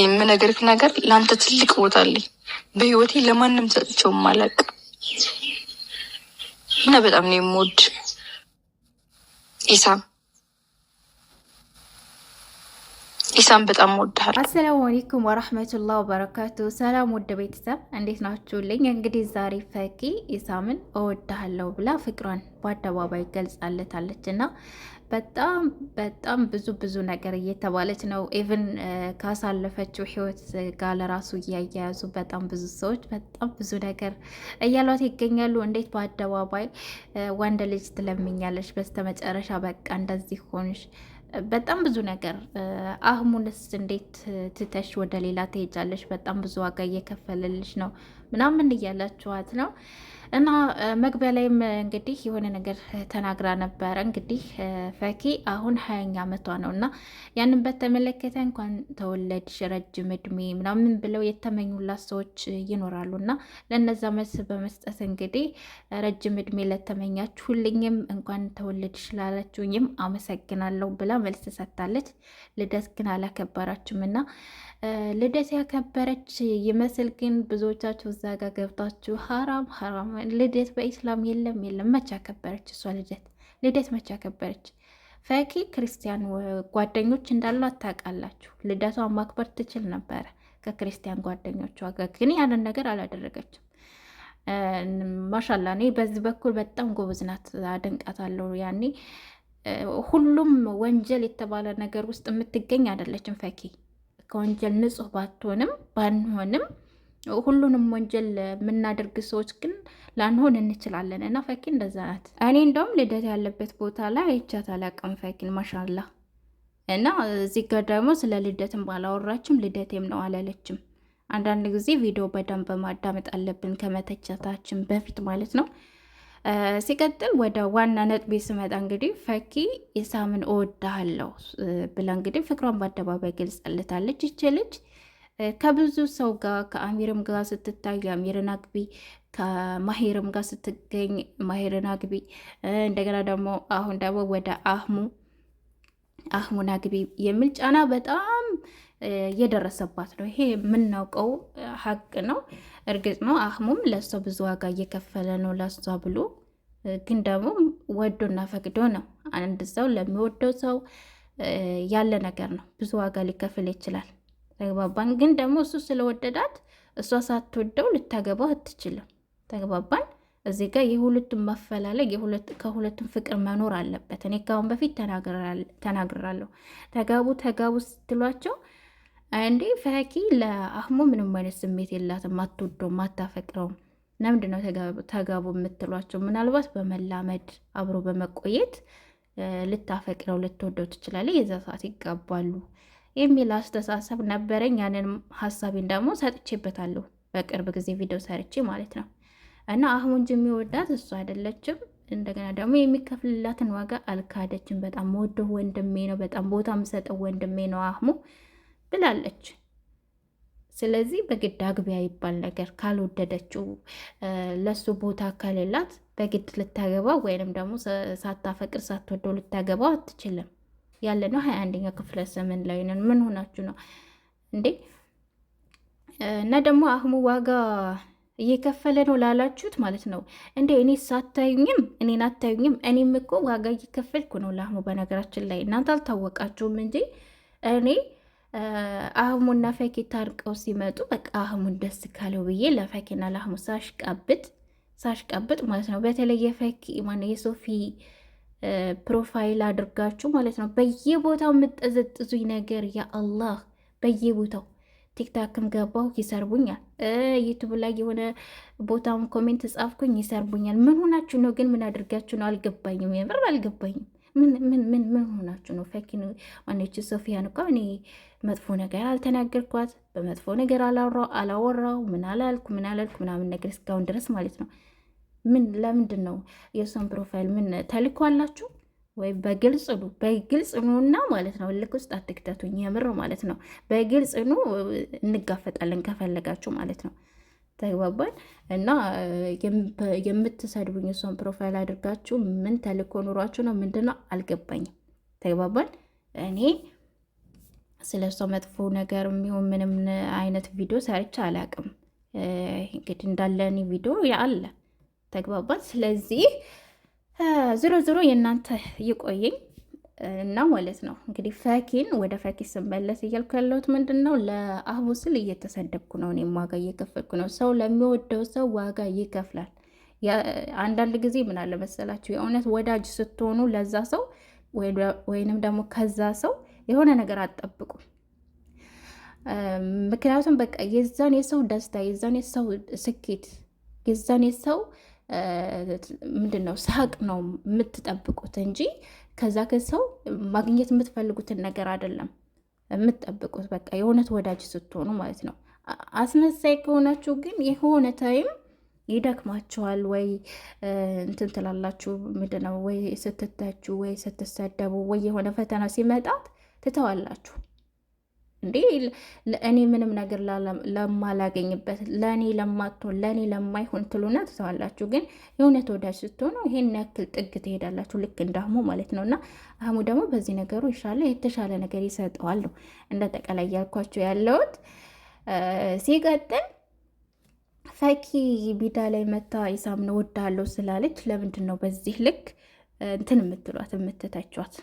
የምነግርህ ነገር ለአንተ ትልቅ ቦታ አለኝ። በህይወቴ ለማንም ሰጥቼውም ማለቅ እና በጣም ነው የምወድ ኢሳም ኢሳም በጣም ወድሃል። አሰላሙ አሌይኩም ወራህመቱላ ወበረካቱ። ሰላም ወደ ቤተሰብ እንዴት ናችሁልኝ? እንግዲህ ዛሬ ፈኪ ኢሳምን እወድሃለሁ ብላ ፍቅሯን በአደባባይ ገልጻለታለች እና በጣም በጣም ብዙ ብዙ ነገር እየተባለች ነው። ኢቭን ካሳለፈችው ህይወት ጋር ለራሱ እያያያዙ በጣም ብዙ ሰዎች በጣም ብዙ ነገር እያሏት ይገኛሉ። እንዴት በአደባባይ ወንድ ልጅ ትለምኛለች? በስተመጨረሻ በቃ እንደዚህ ሆንሽ። በጣም ብዙ ነገር አህሙንስ እንዴት ትተሽ ወደ ሌላ ትሄጃለሽ? በጣም ብዙ ዋጋ እየከፈለልሽ ነው ምናምን እያላችኋት ነው እና መግቢያ ላይም እንግዲህ የሆነ ነገር ተናግራ ነበረ። እንግዲህ ፈኪ አሁን ሀያኛ ዓመቷ ነው እና ያንን በተመለከተ እንኳን ተወለድሽ ረጅም እድሜ ምናምን ብለው የተመኙላት ሰዎች ይኖራሉ እና ለነዛ መልስ በመስጠት እንግዲህ ረጅም እድሜ ለተመኛችሁልኝም እንኳን ተወለድሽ ላላችሁኝም አመሰግናለሁ ብላ መልስ ሰጥታለች። ልደት ግን አላከበራችም እና ልደት ያከበረች ይመስል ግን ብዙዎቻችሁ እዛ ገብታችሁ ሀራም ሀራም ልደት በኢስላም የለም የለም። መቼ አከበረች እሷ ልደት? ልደት መቼ አከበረች? ፈኪ ክርስቲያን ጓደኞች እንዳሏት ታውቃላችሁ። ልደቷን ማክበር ትችል ነበረ ከክርስቲያን ጓደኞቿ ጋር፣ ግን ያንን ነገር አላደረገችም። ማሻላ እኔ በዚህ በኩል በጣም ጎበዝ ናት፣ አደንቃታለሁ። ያኔ ሁሉም ወንጀል የተባለ ነገር ውስጥ የምትገኝ አይደለችም። ፈኪ ከወንጀል ንጹህ ባትሆንም ባንሆንም ሁሉንም ወንጀል የምናደርግ ሰዎች ግን ላንሆን እንችላለን። እና ፈኪ እንደዛ ናት። እኔ እንደውም ልደት ያለበት ቦታ ላይ አይቻት አላውቅም ፈኪን ማሻላ። እና እዚህ ጋር ደግሞ ስለ ልደትም ባላወራችም ልደቴም ነው አላለችም። አንዳንድ ጊዜ ቪዲዮ በደንብ በማዳመጥ አለብን ከመተቻታችን በፊት ማለት ነው። ሲቀጥል ወደ ዋና ነጥቤ ስመጣ እንግዲህ ፈኪ ኢሳምን እወድሃለሁ ብላ እንግዲህ ፍቅሯን በአደባባይ ገልጻለታለች ይች ልጅ ከብዙ ሰው ጋር ከአሚርም ጋር ስትታይ አሚርን አግቢ፣ ከማሄርም ጋር ስትገኝ ማሄርን አግቢ፣ እንደገና ደግሞ አሁን ደግሞ ወደ አህሙ አህሙን አግቢ የሚል ጫና በጣም እየደረሰባት ነው። ይሄ የምናውቀው ሀቅ ነው፣ እርግጥ ነው። አህሙም ለእሷ ብዙ ዋጋ እየከፈለ ነው ለእሷ ብሎ ግን ደግሞ ወዶና ፈቅዶ ነው። አንድ ሰው ለሚወደው ሰው ያለ ነገር ነው፣ ብዙ ዋጋ ሊከፍል ይችላል። ተግባባን። ግን ደግሞ እሱ ስለወደዳት እሷ ሳትወደው ልታገባው አትችልም። ተግባባን። እዚህ ጋር የሁለቱም መፈላለግ ከሁለቱም ፍቅር መኖር አለበት። እኔ ካሁን በፊት ተናግራለሁ። ተጋቡ ተጋቡ ስትሏቸው እንዴ ፈኪ ለአህሙ ምንም አይነት ስሜት የላትም፣ አትወደውም፣ አታፈቅረውም። ለምንድን ነው ተጋቡ የምትሏቸው? ምናልባት በመላመድ አብሮ በመቆየት ልታፈቅረው ልትወደው ትችላለች። የዛ ሰዓት ይጋባሉ። የሚል አስተሳሰብ ነበረኝ። ያንን ሀሳቢን ደግሞ ሰጥቼበታለሁ በቅርብ ጊዜ ቪዲዮ ሰርቼ ማለት ነው። እና አህሙ እንጂ የሚወዳት እሱ አይደለችም። እንደገና ደግሞ የሚከፍልላትን ዋጋ አልካደችም። በጣም ወደ ወንድሜ ነው፣ በጣም ቦታ የምሰጠው ወንድሜ ነው አህሙ ብላለች። ስለዚህ በግድ አግቢያ ይባል ነገር ካልወደደችው ለሱ ቦታ ከሌላት በግድ ልታገባው ወይንም ደግሞ ሳታፈቅር ሳትወደው ልታገባው አትችልም። ያለ ነው። ሀያ አንደኛ ክፍለ ዘመን ላይ ነን። ምን ሆናችሁ ነው እንዴ? እና ደግሞ አህሙ ዋጋ እየከፈለ ነው ላላችሁት ማለት ነው እንዴ? እኔ ሳታዩኝም እኔን አታዩኝም። እኔም እኮ ዋጋ እየከፈልኩ ነው ለአህሙ። በነገራችን ላይ እናንተ አልታወቃችሁም እንጂ እኔ አህሙና ፈኪ ታርቀው ሲመጡ በቃ አህሙን ደስ ካለው ብዬ ለፈኪና ለአህሙ ሳሽቃብጥ ሳሽቃብጥ ማለት ነው። በተለይ የፈኪ ማነው የሶፊ ፕሮፋይል አድርጋችሁ ማለት ነው በየቦታው የምጠዘጥዙኝ ነገር ያአላህ በየቦታው ቲክታክም ገባሁ ይሰርቡኛል። ዩቱብ ላይ የሆነ ቦታውን ኮሜንት ጻፍኩኝ ይሰርቡኛል። ምን ሆናችሁ ነው ግን? ምን አድርጋችሁ ነው? አልገባኝም፣ የምር አልገባኝም። ምን ምን ምን ምን ሆናችሁ ነው? ፈኪን ማነች ሶፊያን እኮ እኔ መጥፎ ነገር አልተናገርኳት፣ በመጥፎ ነገር አላወራው አላወራው ምን አላልኩ ምን አላልኩ ምናምን ነገር እስካሁን ድረስ ማለት ነው ምን ለምንድን ነው የእሱን ፕሮፋይል ምን ተልኳላችሁ? ወይ በግልጽ ኑ፣ በግልጽ ኑና ማለት ነው። ልክ ውስጥ አትክተቱኝ፣ የምር ማለት ነው። በግልጽ ኑ፣ እንጋፈጣለን ከፈለጋችሁ ማለት ነው። ተግባባል እና የምትሰድቡኝ እሷን ፕሮፋይል አድርጋችሁ ምን ተልኮ ኑሯችሁ ነው? ምንድነው ነው አልገባኝም። ተግባባን እኔ ስለ እሷ መጥፎ ነገር የሚሆን ምንም አይነት ቪዲዮ ሰርቼ አላውቅም። እንግዲህ እንዳለ እኔ ቪዲዮ አለ ተግባባት ስለዚህ ዝሮ ዝሮ የእናንተ ይቆየኝ እና ማለት ነው እንግዲህ ፈኪን ወደ ፈኪ ስመለስ እያልኩ ያለሁት ምንድን ነው፣ ለአቡ ስል እየተሰደብኩ ነው፣ እኔም ዋጋ እየከፈልኩ ነው። ሰው ለሚወደው ሰው ዋጋ ይከፍላል። አንዳንድ ጊዜ ምን አለ መሰላችሁ የእውነት ወዳጅ ስትሆኑ ለዛ ሰው ወይንም ደግሞ ከዛ ሰው የሆነ ነገር አትጠብቁም። ምክንያቱም በቃ የዛን የሰው ደስታ የዛን የሰው ስኬት የዛን የሰው ምንድን ነው ሳቅ ነው የምትጠብቁት እንጂ ከዛ ከሰው ማግኘት የምትፈልጉትን ነገር አይደለም የምትጠብቁት። በቃ የእውነት ወዳጅ ስትሆኑ ማለት ነው። አስመሳይ ከሆናችሁ ግን የሆነ ታይም ይደክማችኋል ወይ እንትን ትላላችሁ። ምንድን ነው ወይ ስትተቹ ወይ ስትሰደቡ ወይ የሆነ ፈተና ሲመጣት ትተዋላችሁ። እንዴ እኔ ምንም ነገር ለማላገኝበት ለእኔ ለማትሆን ለእኔ ለማይሆን ትሉና ትተዋላችሁ። ግን የእውነት ወዳጅ ስትሆኑ ይሄን ያክል ጥግ ትሄዳላችሁ። ልክ እንዳሞ ማለት ነው። እና አህሙ ደግሞ በዚህ ነገሩ ይሻለ የተሻለ ነገር ይሰጠዋል ነው እንደ ያልኳቸው ያለውት። ሲቀጥል ፈኪ ቢዳ ላይ መታ ኢሳምን ወዳለው ስላለች ለምንድን ነው በዚህ ልክ እንትን የምትሏት የምትተቿት?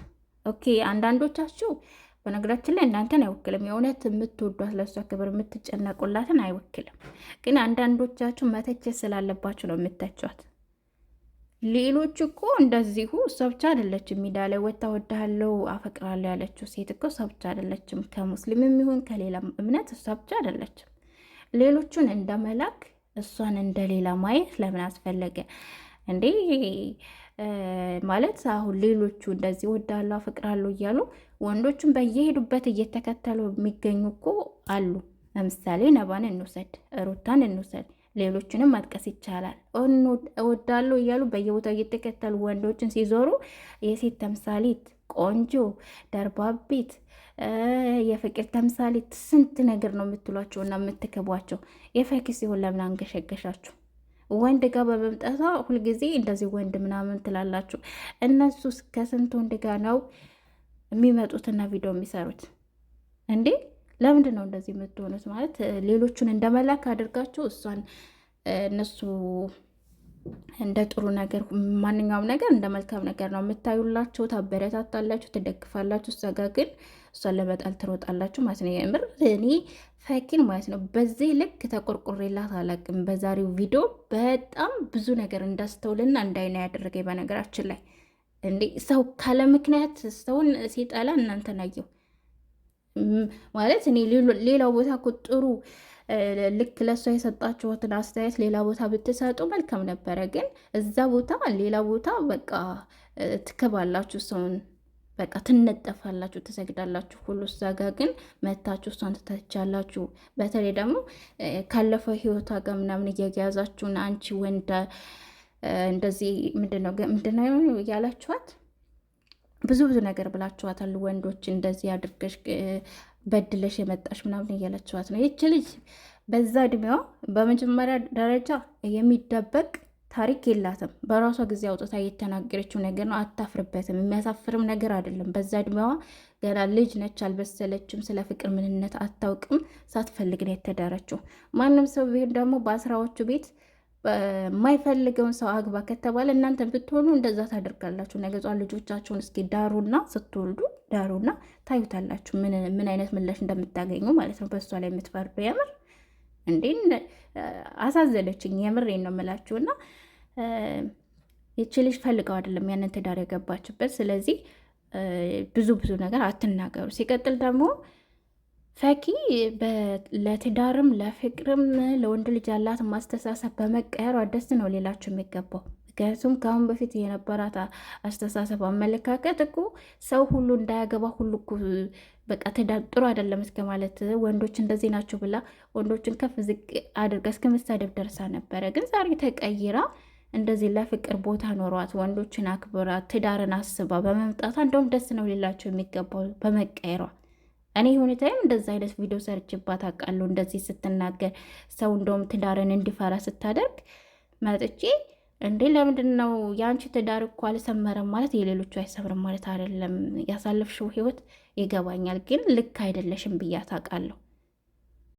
ኦኬ አንዳንዶቻችሁ በነገራችን ላይ እናንተን አይወክልም። የእውነት የምትወዷት ለእሷ ክብር የምትጨነቁላትን አይወክልም። ግን አንዳንዶቻችሁ መተቸት ስላለባችሁ ነው የምተቿት። ሌሎች እኮ እንደዚሁ እሷ ብቻ አይደለችም። ሜዳ ላይ ወታ ወዳለው አፈቅራለሁ ያለችው ሴት እኮ እሷ ብቻ አይደለችም። ከሙስሊምም ይሁን ከሌላ እምነት እሷ ብቻ አይደለችም። ሌሎቹን እንደ መላክ እሷን እንደሌላ ማየት ለምን አስፈለገ እንዴ? ማለት አሁን ሌሎቹ እንደዚህ ወዳሉ አፈቅራሉ እያሉ ወንዶቹን በየሄዱበት እየተከተሉ የሚገኙ እኮ አሉ። ለምሳሌ ነባን እንውሰድ፣ ሩታን እንውሰድ፣ ሌሎችንም መጥቀስ ይቻላል። ወዳሉ እያሉ በየቦታው እየተከተሉ ወንዶችን ሲዞሩ የሴት ተምሳሌት፣ ቆንጆ ደርባቤት፣ የፍቅር ተምሳሌት ስንት ነገር ነው የምትሏቸው እና የምትክቧቸው። የፈክ ሲሆን ለምን አንገሸገሻችሁ? ወንድ ጋር በመምጣቷ ሁልጊዜ እንደዚህ ወንድ ምናምን ትላላችሁ። እነሱስ ከስንት ወንድ ጋር ነው የሚመጡትና ቪዲዮ የሚሰሩት እንዴ? ለምንድን ነው እንደዚህ የምትሆኑት? ማለት ሌሎቹን እንደ መላክ አድርጋችሁ እሷን እነሱ እንደ ጥሩ ነገር ማንኛውም ነገር እንደ መልካም ነገር ነው የምታዩላቸው ታበረታታላችሁ፣ ትደግፋላችሁ። እዛ ጋ ግን እሷን ለመጣል ትሮጣላችሁ ማለት ነው። የምር እኔ ፈኪን ማለት ነው በዚህ ልክ ተቆርቆሬላት አላውቅም። በዛሬው ቪዲዮ በጣም ብዙ ነገር እንዳስተውልና እንዳይና ያደረገ በነገራችን ላይ እንዴ ሰው ካለ ምክንያት ሰውን ሲጠላ እናንተ ናየው ማለት እኔ ሌላው ቦታ እኮ ጥሩ ልክ ለእሷ የሰጣችሁትን አስተያየት ሌላ ቦታ ብትሰጡ መልካም ነበረ። ግን እዛ ቦታ ሌላ ቦታ በቃ ትከባላችሁ ሰውን በቃ ትነጠፋላችሁ፣ ትሰግዳላችሁ ሁሉ እዛ ጋ ግን መታችሁ እሷን ትተቻላችሁ። በተለይ ደግሞ ካለፈው ህይወቷ ጋር ምናምን እየያዛችሁን አንቺ ወንዳ እንደዚህ ምንድነው ምንድነው እያላችኋት ብዙ ብዙ ነገር ብላችኋታል። ወንዶች እንደዚህ አድርገሽ በድለሽ የመጣሽ ምናምን እያላችኋት ነው ይች ልጅ በዛ እድሜዋ በመጀመሪያ ደረጃ የሚደበቅ ታሪክ የላትም። በራሷ ጊዜ አውጥታ የተናገረችው ነገር ነው። አታፍርበትም። የሚያሳፍርም ነገር አይደለም። በዛ እድሜዋ ገና ልጅ ነች፣ አልበሰለችም። ስለ ፍቅር ምንነት አታውቅም። ሳትፈልግ ነው የተዳረችው። ማንም ሰው ቢሆን ደግሞ በአስራዎቹ ቤት የማይፈልገውን ሰው አግባ ከተባለ እናንተ ብትሆኑ እንደዛ ታደርጋላችሁ። ነገ ጧት ልጆቻችሁን እስኪ ዳሩና ስትወልዱ ዳሩና ታዩታላችሁ፣ ምን አይነት ምላሽ እንደምታገኙ ማለት ነው። በእሷ ላይ የምትፈርዱ ያምር እንዴ አሳዘለችኝ። የምሬን ነው የምላችሁና ይቺ ልጅ ፈልገው አይደለም ያንን ትዳር የገባችበት። ስለዚህ ብዙ ብዙ ነገር አትናገሩ። ሲቀጥል ደግሞ ፈኪ ለትዳርም ለፍቅርም ለወንድ ልጅ ያላት ማስተሳሰብ በመቀየሯ ደስ ነው ሌላችሁ የሚገባው። ምክንያቱም ከአሁን በፊት የነበራት አስተሳሰብ አመለካከት እኮ ሰው ሁሉ እንዳያገባ ሁሉ እኮ በቃ ትዳር ጥሩ አይደለም እስከ ማለት ወንዶች እንደዚህ ናቸው ብላ ወንዶችን ከፍ ዝቅ አድርጋ እስከ መሳደብ ደርሳ ነበረ። ግን ዛሬ ተቀይራ እንደዚህ ለፍቅር ቦታ ኖሯት ወንዶችን አክብራ ትዳርን አስባ በመምጣቷ እንደውም ደስ ነው ሌላቸው የሚገባው በመቀየሯ። እኔ ሁኔታዬም እንደዚህ አይነት ቪዲዮ ሰርችባት አውቃለሁ። እንደዚህ ስትናገር ሰው እንደውም ትዳርን እንዲፈራ ስታደርግ መጥቼ እንዴ ለምንድን ነው የአንቺ ትዳር እኮ አልሰመረም ማለት የሌሎቹ አይሰምርም ማለት አይደለም። ያሳለፍሽው ህይወት ይገባኛል፣ ግን ልክ አይደለሽም ብያ ታውቃለሁ።